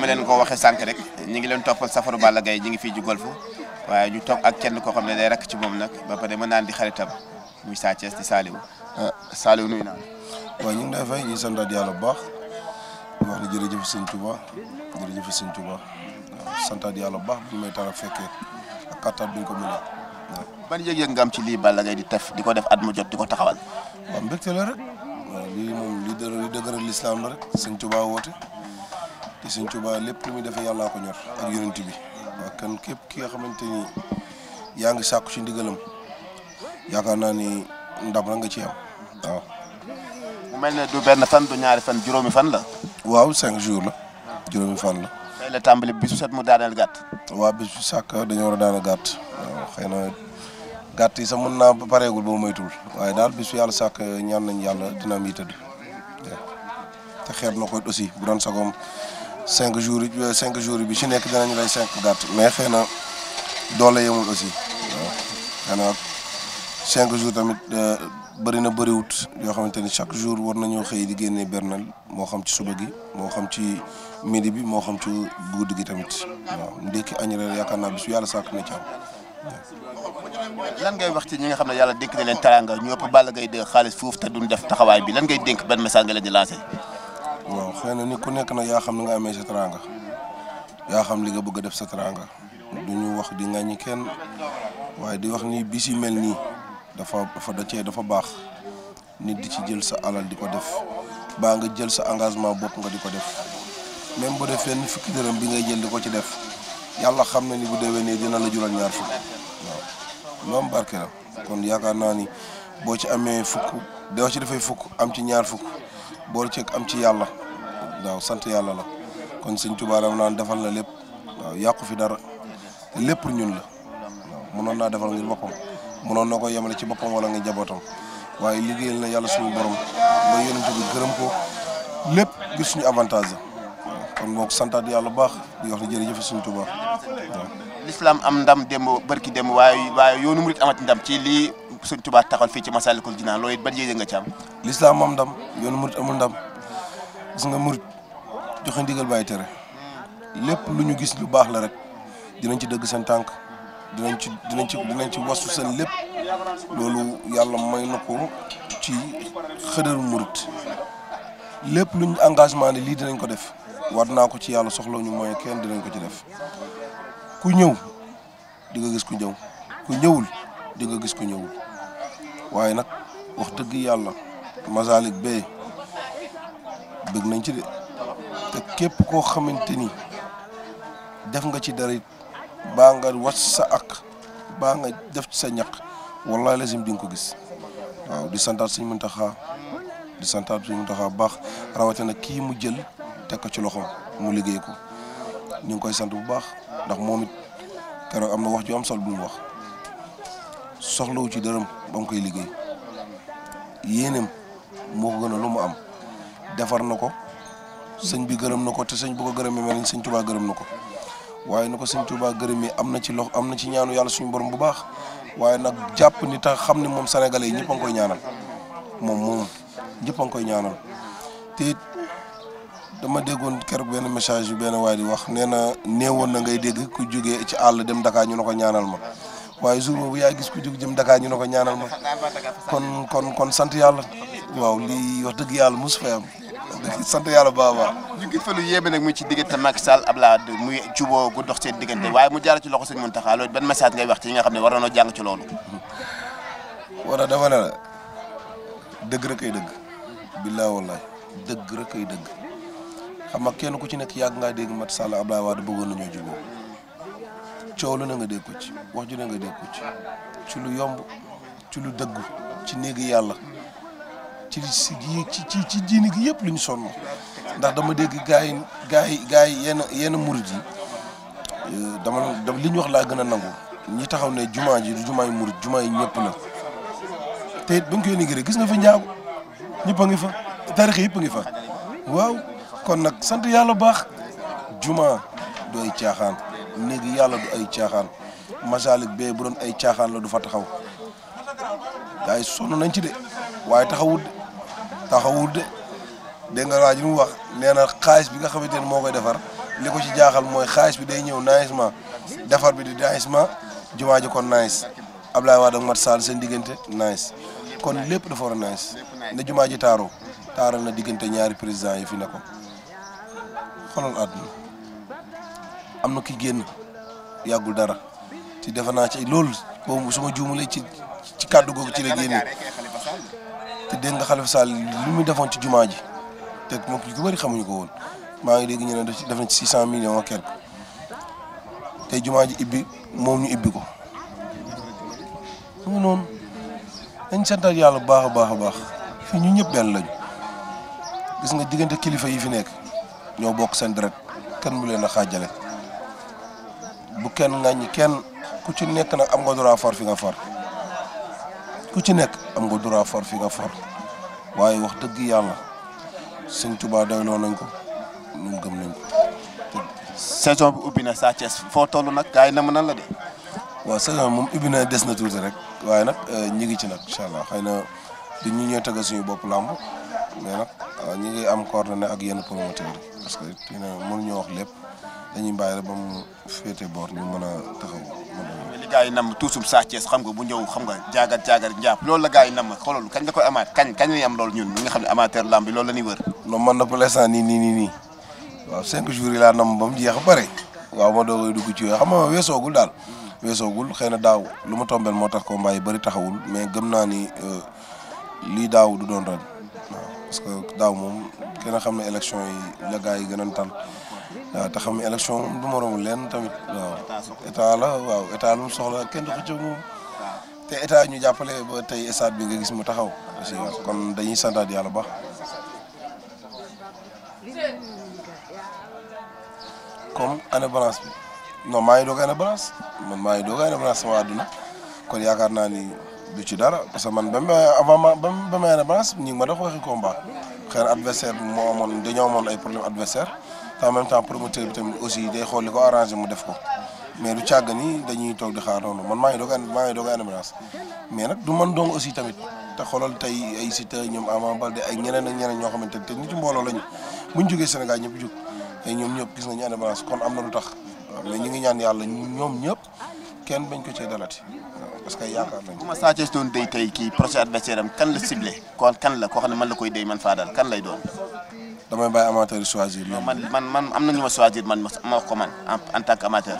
ma leen ko waxee sànq rek ñi ngi leen toppal safaru Balla Gaye ñi ngi fii ju golf waaye ñu toog ak kenn koo xam ne day rek ci moom nag ba pare mën naan di xaritam muy Sa di Saliou euh, Saliou nuyu naa waaw ñu ngi lay fay ñu santaat bu baax di wax ne jërëjëf sëñ Touba jërëjëf sëñ Touba waaw santaat yàlla bu baax bu ñu may tara fekkee ak kattan bi ñu ko mënee ban yëg-yëg nga ci lii bala Gaye di tef di ko def at mu jot di ko taxawal waaw mbégte la rek waaw lii moom li dëgëral lislaam la rek sëñ woote te sëñ Tuubaa lépp lu muy defee yàllaa ko ñor ak yonent bi waaw kan képp ki nga xamante ni yaa ngi sàkku ci ndigalam yaakaar naa ni ndam la nga ci am waaw. mu mel ne du benn fan du ñaari fan juróomi fan la. waaw cinq jours la. juróomi fan la. tey la tàmbali bisu set mu daaneel gàtt. waaw bisu sàkk dañoo war a daaneel gàtt. waaw xëy na gàtt yi sax mën naa ba pareegul ba moytul waaye daal bisu yàlla sàkk ñaan nañ yàlla dina am yi te xeet na ko aussi bu doon sagoom cinq jour yi euh, cinq jours yi bi ci nekk danañ rey cinq gàtt mais xëy na doole yemul aussi waaw xëy cinq jour tamit euh, bëri na bëriwut yoo xamante ni chaque jour war nañoo xëy di génne bernal moo xam ci suba gi moo xam ci midi bi moo xam ci guddi gi tamit waaw ndékki añ reer yaakaar naa bis yàlla sàkk na ci am lan ngay wax ci ñi nga xam ne yàlla dénk na leen teraanga ñu ëpp Balla Gaye dégg xaalis foofu te duñ def taxawaay bi lan ngay dénk ban message nga leen di lancé waaw xëy na ni ku nekk na yaa xam ni nga amee sa teraanga yaa xam li nga bëgg a def sa teraanga du ñu wax di ŋàññi kenn waaye di wax ni bi si mel nii dafa dafa da cee dafa baax nit di ci jël sa alal di ko def baa nga jël sa engagement bopp nga di ko def même boo def fenn fukki dërëm bi ngay jël di ko ci def yàlla xam na ni bu déwénee dina la jural ñaar fukk waaw lu barke la kon yaakaar naa ni boo ci amee fukk doo ci dafay fukk am ci ñaar fukk. bool ceeg am ci yàlla waaw sant yàlla la kon sëñ Tuubaa dama naan defal na lépp waaw yàqu fi dara lépp ñun la waaw mënoon naa defal ngir boppam mënoon na ko yemale ci boppam wala nga jabootam waaye liggéeyal la yàlla suñu borom ba yonent bi gërëm ko lépp ngir suñu avantage la kon boog santaat yàlla baax di wax ne jërëjëf sëñ Tuubaa waaw. l'islam am ndam démb barki démb waaye waaye yoonu murit amati ndam ci lii suñ Tuubaa taxal fii ci Masaalikul Jinaan loolu it ban yéene nga ci am lislaam moom ndam yoonu murit amul ndam gis nga murit joxe ndigal bàyyi tere lépp lu ñu gis lu baax la rek dinañ ci dëgg seen tànk dinañ ci dinañ ci dinañ ci wasu seen lépp loolu yàlla may na ko ci xëdaru murit lépp luñ engagement ni lii dinañ ko def war naa ko ci yàlla soxla ñu mooy kenn dinañ ko ci def ku ñëw di nga gis ku ñëw ku di nga gis ku ñëwul waaye nag wax dëgg yàlla Masalik bee bëgg nañ ci de te képp koo xamante ni def nga ci dara it baa nga wat sa ak baa nga def ci sa ñaq wallahi lazim di nga ko gis waaw di santaat suñ Muntaxa di santaat suñ Muntaxa baax rawatina kii mu jël teg ko ci loxo mu liggéey ko ñu ngi koy sant bu baax ndax moom it keroog am na wax ju am solo bu mu wax. soxlawu ci dërëm ba mu koy liggéey yéenam moo ko gën a lu mu am defar na ko sëñ bi gërëm na ko te sëñ bu ko gërëmee mel ni gërëm na ko waaye na ko sëñ gërëm gërëmee am na ci lox am na ci ñaanu yàlla suñu borom bu baax waaye nag jàpp ni tax xam ne moom sénégalais yi ñëpp a ñaanal moom moom ñëpp koy ñaanal te it dama déggoon keroog benn message yu benn waay di wax nee na néewoon na ngay dégg ku jóge ci àll dem Dakar ñu na ko ñaanal ma. waaye jour boobu yaa gis ku jóg jëm Dakar ñu ne ko ñaanal ma kon kon sant yàlla waaw lii wax dëgg yàlla mosu fay sant yàlla baax a baax. ñu nag mu ci diggante nag Sall Abdoulaye Wade muy jubóo gu dox seen diggante hmm. waaye mu jaar ci loxo sëñ Mountakha loolu ban message ngay wax ci yi nga xam ne war nañoo wala dama dëgg rek ay dëgg. billaahi wallaahi kenn ku ci nekk yàgg ngaa dégg Macky Sall Abdoulaye Wade bëggoon nañoo jubóo. coow lu na nga dégg ko ci wax ju na nga dégg ko ci lu yomb ci lu dëggu ci néegi yàlla ci si ci ci gi yëpp lu ñu sonn ndax dama dégg gars yi gars yi gars ji yenn yenn euh, dama li ñu wax laa gën a nangu ñi taxaw ne jumaa ji du jumaa yi murid jumaa yi ñëpp na te it ba nga koy négéré gis na fa njaagu ñëpp a fa taarix yi a fa waaw kon nag sant yàlla baax jumaa dooy caaxaan néegi yàlla du ay caaxaan masaalik bee bu doon ay caaxaan la du fa taxaw gars yi sonn ci de waaye taxawut de taxawut de dégg nga waa ji mu wax nee na xaalis bi nga xamante ne moo koy defar li ko ci jaaxal mooy xaalis bi day ñëw naajement defar bi di naajement jumaa ji kon naaj Ablaye Wade ak Mat saal seen diggante naaj kon lépp dafa war a naaj ne jumaa ji taaroo taaral na diggante ñaari président yi fi ne ko xoolal am na ki génn yàggul dara ci defe naa ci loolu boobu su ma juumalee ci ci kàddu googu ci la génne te dégg nga Khalifa Sall li mu defoon ci jumaa ji te moom ñu ko xamuñu ko woon maa ngi dégg ñu ne def na ci 600 millions ak quelque tey jumaa ji ibbi moom ñu ibbi ko mu noonu dañ santaat yàlla bu baax a baax a baax fii ñu ñëpp benn lañu gis nga diggante kilifa yi fi nekk ñoo bokk seen deret kan bu leen a xaajale bu kenn ŋàññi kenn ku ci nekk nag am nga droit for fi nga for ku ci nekk am nga droit for fi nga for waaye wax dëgg yàlla sëñ Tuubaa doyloo nañ ko ñun gëm nañ saison bi ubbi na Sa Thiès foo toll nag gars yi na la de. waaw saison moom ubbi na des na tuuti rek waaye nag euh, ñi ngi ci nag incha allah xëy na du ñu ñëw suñu bopp làmb mais nag euh, ñi ngi am coordonné ak yenn promoteurs yi parce que dina mënuñoo wax lépp. dañuy bàyyi rek ba mu féete boor ñu mën a taxaw li gars yi nam tuusub Sa Thiès xam nga bu ñëw xam nga jaagar jaagar njaap loolu la gars yi nam xoolal kañ nga koy amaat kañ kañ lañuy am loolu ñun ñi nga ne amateur lamb bi loolu la ñuy wër non na pour l'instant nii nii nii nii waaw cinq jours yi laa nam ba mu jeex bare waaw ma dugg ci xam nga weesoogul daal weesoogul xëy na daaw lu ma tombeel moo tax combat yi bëri taxawul mais gëm naa ni euh, lii daaw du doon ren parce que daaw moom kenn xam ne élection yi la gars yi gën a waaw te xam élection du moromu leen tamit waaw état la waaw état lu soxla kenn du xëccoo moom te état ñu jàppale ba tey stade bi nga gis mu taxaw aussi kon dañuy santaat yàlla bu baax comme année balance bi non maa ngi doog année balance man maa ngi doog année kon yaakaar naa ni du ci dara parce que man ba ma avant ma ba ma ba ma année balance ñu ngi ma dox waxi combat xëy adversaire bi moo amoon ay problème adversaire te en même temps promoteur bi tamit aussi day xool li ko arrangé mu def ko mais du càgg ni dañuy toog di xaar man maa doog a maa ngi doog mais nag du man dong aussi tamit te xoolal tey ay Siteu ñoom Ama Baldé ay ñoo xamante ne te nit mbooloo lañu buñ jógee Sénégal ñëpp jóg tey ñoom ñëpp gis nañu Ambulance kon am na lu tax mais ñu ngi ñaan yàlla ñoom ñëpp kenn bañ ko cee dalati parce que yaakaar nañu. ma Sa Thiès doon day tey kii prochain adversaire am kan la ciblé kon kan la koo xam ne man la koy day man faa daal kan lay doon. damay bàyyi amateur yi choisir. man man man am na ñu ma choisir man ma wax ko man en tant que amateur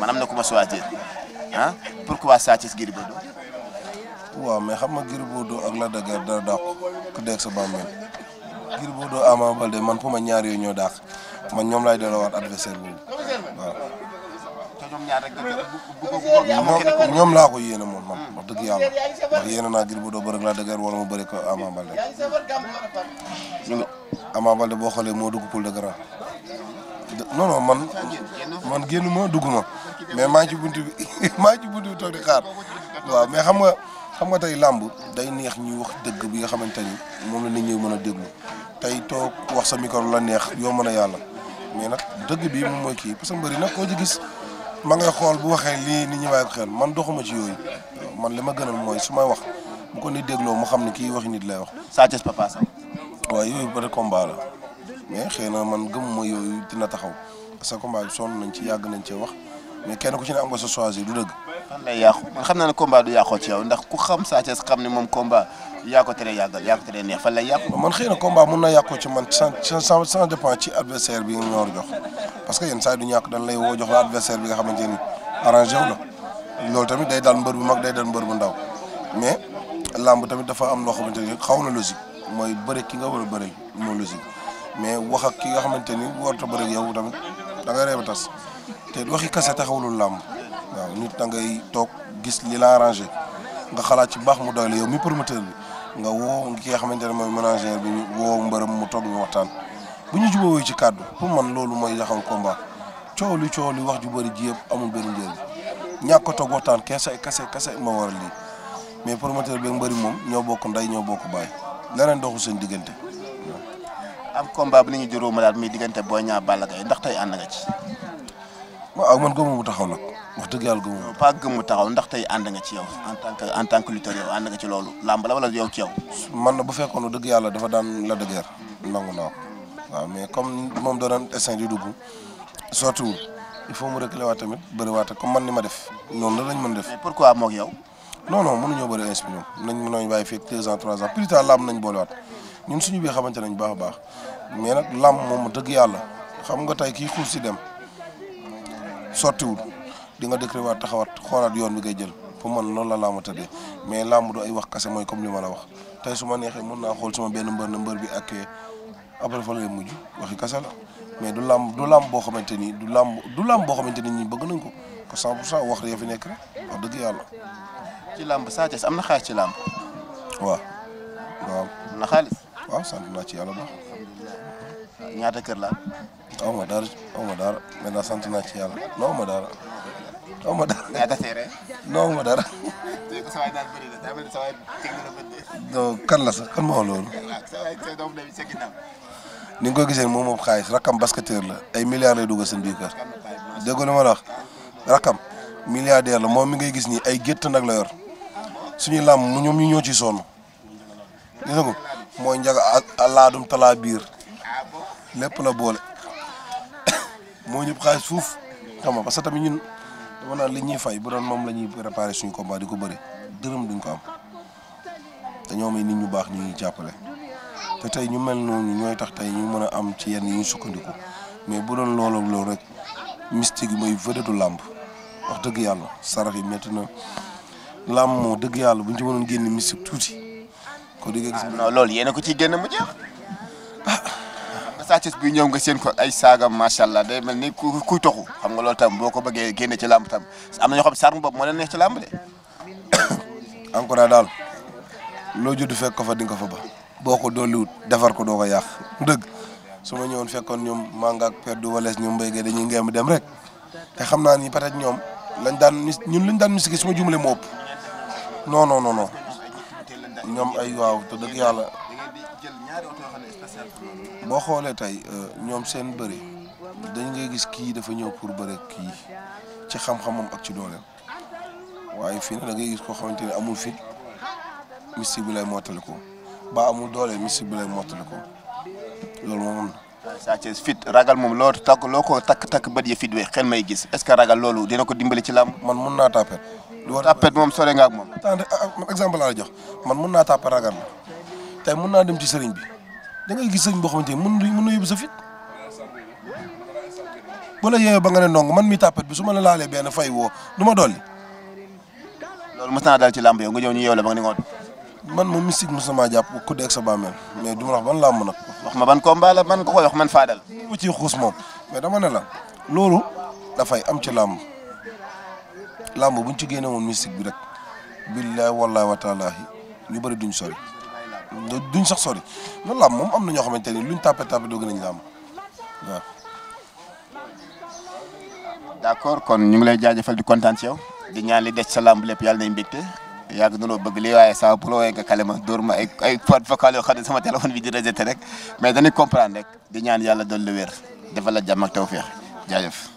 man am na ku ma choisir ah pourquoi Sa Thiès Gris Bordeaux. waaw mais xam nga Gris Bordeaux ak Lac de Guiers dana dàq ku dee sa bàmmeel Gris Bordeaux Ama Baldé man pour ma ñaar yooyu ñoo dàq man ñoom laay delloowaat adversaire boobu waaw. ñoom laa ko yéene moom man wax dëgg yàlla ndax yéene naa Gris Bordeaux bëri laa dëgër wala mu bëri ko Ama Baldé boo xoolee moo dugg poule de grand man man génn ma dugg ma mais maa ngi ci buntu bi maa ngi bi toog di xaar waaw mais xam nga xam nga tey làmb day neex ñuy wax dëgg bi nga xamante ni moom la nit ñi mën a déglu tey toog wax sa la neex yoo mën a yàlla mais nag dëgg bi moom mooy kii parce que mbëri nag koo ci gis ma ngay xool bu waxee lii nit ñi bàyyi xel man doxuma ci yooyu man li ma gën gënal mooy su may wax bu ko ni dégloo mu xam ne kii waxi nit lay wax. Sa Thiès Papa Sow. waaw yooyu peut-être combat la mais xëy na man gëmuma yooyu na taxaw parce que combat bi nañ ci yàgg nañ cee wax mais kenn ku ci ne am nga sa choisir du dëgg. fan lay yàqu man xam naa ne combat du yàqoo ci yow ndax ku xam Sa Thiès xam ne moom combat. yaa ko yaa ko teree neex fan lay yàqu. man xëy na combat mun na yàqoo ci man sans sans sans dépend ci adversaire bi nga ñor jox parce que yenn saa yi du ñàkk dañ lay woo bi mag day dal mbër bu ndaw mais làmb tamit dafa am loo xamante xaw na logique mooy bëre ki nga war a bëre moo logique mais wax ak ki nga xamante ni warut a bëre ak yow tamit da ngay reeba tas te waxi kase taxawulul làmb waaw nit da ngay toog gis li la arrangé nga xalaat ci baax mu doy la yow mi promoteur bi. nga woo ki nga xamante ne mooy manager bi woo mbërëm mu toog ñu waxtaan bu ñu jubóowee ci kàddu pour man loolu mooy yaxam combat coow li coow li wax ju bëri ji yëpp amul benn njëriñ ñàkk a toog waxtaan kese kese kese ma war lii mais promoteur bi mbëri moom ñoo bokk nday ñoo bokk bàyyi leneen doxul seen diggante. am combat bi nañu juróoma daal muy diggante Boy Niang Balla Gaye ndax tey ànd nga ci. waaw man góobamu taxaw nag. wax dëgg yàlla gëmuma pas gëmmu taxaw ndax tey ànd nga ci yow en tant que en tant que lutteur yow ànd nga ci loolu làmb la wala yow ci yow man na bu fekkoon dëgg yàlla dafa daan la dëgër nangu naa ko waaw mais comme moom da doon di dugg surtout il faut mu reculer waat tamit bëri waat comme man ni ma def noonu la lañ mën def mais pourquoi moog yow non non mënuñoo bëri inspi ñoom nañ mënooñ bàyyi fii deux ans trois ans plus tard làmb nañ boolewaat ñun suñu biir xamante ñu baax a baax mais nag làmb moom dëgg yàlla xam nga tey kii xuus si dem sottiwul di nga décret waat taxawaat xoolaat yoon bi ngay jël pour man loolu la laamu tëddee mais laamu du ay wax kase mooy comme li ma a wax tey su ma neexee mën naa xool suma benn mbër na mbër bi ak après fa lay mujj waxi kase la mais du laam du laam boo xamante ni du laam du laam boo xamante ni ñi bëgg nañ ko ko 100 pour 100 wax rek fi nekk dëgg yàlla. ci làmb Sa Thiès am na xaalis ci làmb. waaw. waaw am na xaalis. waaw sant naa ci yàlla baax. ñaata kër la am. aw ma dara aw ma sant naa ci yàlla non ma dara. aw ma dara. yaa tasee dara. léegi na daa mel kan la kan moo loolu. Ah, ni nga ko gisee moom moom xaalis rakam basketteur la ay milliards lay dugg seen biir kër. dégg nga li la wax rakam la moom mi ngay gis nii ay gétt nag la yor suñu làmm mu ñoom ñu ñoo ci mooy njaga alaadum talaa biir ah, lépp la boole moo ñëpp xaalis fuuf xam nga tamit ñun. dama li ñuy fay bu doon moom la ñuy préparé suñu combat di ko bëri dërëm duñ ko am dañoo may nit ñu baax ñu ñuy jàppale te tey ñu mel noonu ñooy tax tey ñu mën a am ci yenn yu ñu sukkandiku mais bu doon loolu ak loolu rek mystique yi mooy vedette làmb wax dëgg yàlla sarax yi métti na moo dëgg yàlla bu ñu ci mënoon génne mystique tuuti. ko di nga gis. Ah, non loolu yéen ko ciy génne mu Sa Thiès bi ñëw nga seen ko ay saagam macha allah day mel ni ku kuy toxu xam nga loolu tam boo ko bëggee génne ci làmb tam am na ñoo xam sarm bopp moo leen neex ci làmb de. encore daal loo judd fekk ko fa ko fa ba boo ko dolliwut defar ko doo ko yàq dëgg su ma ñëwoon fekkoon ñoom manga ak père du wales ñoom mbéy dañuy ngem dem rek te xam naa ni peut-être ñoom lañ daan ñun lañ daan musique su ma jumlee mu ëpp non non non non ñoom ay waaw te dëgg yàlla. boo xoolee tey euh, ñoom seen bëri dañ ngay gis kii dafa ñëw pour bëre kii ci xam moom ak ci dooleem waaye fii nag da ngay gis koo xamante ne amul fit mystique bi lay mottali ko ba amul doole mystique bi lay mottali ko loolu moom am na. fit ragal moom loo takk loo ko takk takk bët yi fit we xel may gis est-ce que ragal loolu dina ko dimbali ci làmb. man mun naa tàppet. loolu tàppet moom sore nga ak moom. Ah, ah, exemple laa jox man mun naa tàppet ragal la tey mun naa dem ci sëriñ bi. da ngay gis sëñ boo xamante ni mën mën na yóbbu sa yeewee ba nga ne ndong man mi tàppet bi su ma la laalee benn fay woo duma ma dolli. loolu mos naa daal ci làmb yow nga ñëw ñu yow la ba nga ni ngoon. man moom mystique mos na maa jàpp ku dee sa bàmmeel mais du ma wax ban làmb nag. wax ma ban combat la man ko koy wax man Fadal. ma ci xuus moom mais dama ne la loolu dafay am ci làmb làmb buñ ci génne woon mystique bi rek billahi wallahi wa taalahi ñu duñ sori. duñ sax sori loolu làmb moom am na ñoo xamante ni luñ tàppe tàppe doo gën añ làmb waaw. d'accord kon ñu ngi lay jaajëfal di kontaan di ñaan li des sa làmb lépp yàlla nañ mbégte yàgg na loo bëgg lii waaye saa bu la wooyee kale ma dóor ma ay ay porte vocale yoo xam ne sama téléphone bi di rejeté rek mais dañuy comprendre rek di ñaan yàlla doon la wér defal la jàmm ak tawfeex jaajëf.